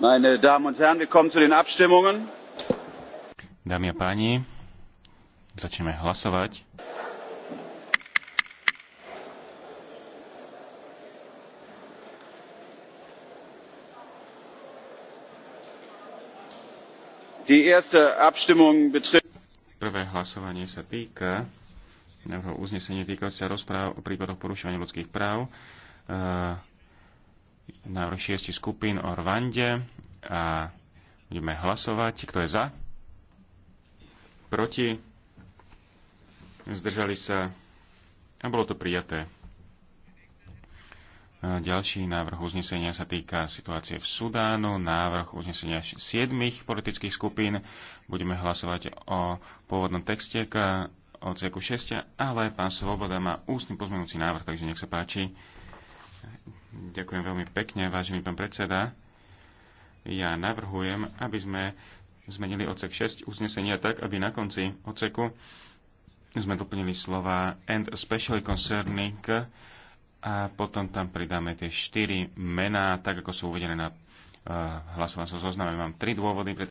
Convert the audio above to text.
Meine Damen und Herren, wir kommen zu den Abstimmungen. Dámy a páni, začneme hlasovať. Die erste Abstimmung betrifft Prvé hlasovanie sa týka návrhu uznesenia týkajúce sa rozpráv o prípadoch porušovania ľudských práv. E, návrh šiesti skupín o Rwande, a budeme hlasovať. Kto je za? Proti? Zdržali sa? A bolo to prijaté. Ďalší návrh uznesenia sa týka situácie v Sudánu, návrh uznesenia siedmých politických skupín. Budeme hlasovať o pôvodnom texte k odseku 6, ale pán Svoboda má ústny pozmenúci návrh, takže nech sa páči. Ďakujem veľmi pekne, vážený pán predseda ja navrhujem, aby sme zmenili odsek 6 uznesenia tak, aby na konci odseku sme doplnili slova and especially concerning a potom tam pridáme tie 4 mená, tak ako sú uvedené na uh, eh, hlasovacom so zozname. Mám tri dôvody,